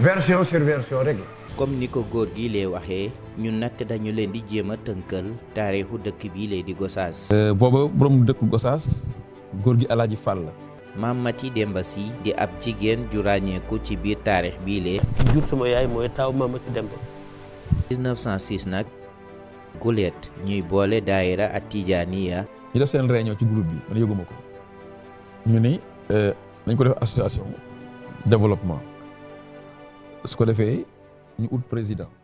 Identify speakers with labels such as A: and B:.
A: version sur comme ni ko góor gi lay waxee ñun nag dañu leen di jéem a tënkal taarixu dëkk bii lay di Gossas.
B: Euh, booba borom dëkk Gossas góor gi
A: Alaaji Fall la. maam ci démba Si di ab jigéen ju ràññeeku ci biir taarix bii lay. ki jur sama yaay mooy taaw maam Mati Demba. 1906 nag. Gulet ñuy boole daayira ak Tijaaniya.
C: ñu def seen réunion ci groupe bi man yëguma ko.
D: ñu ni dañ euh, ko def association développement. su ko defee ñu ut président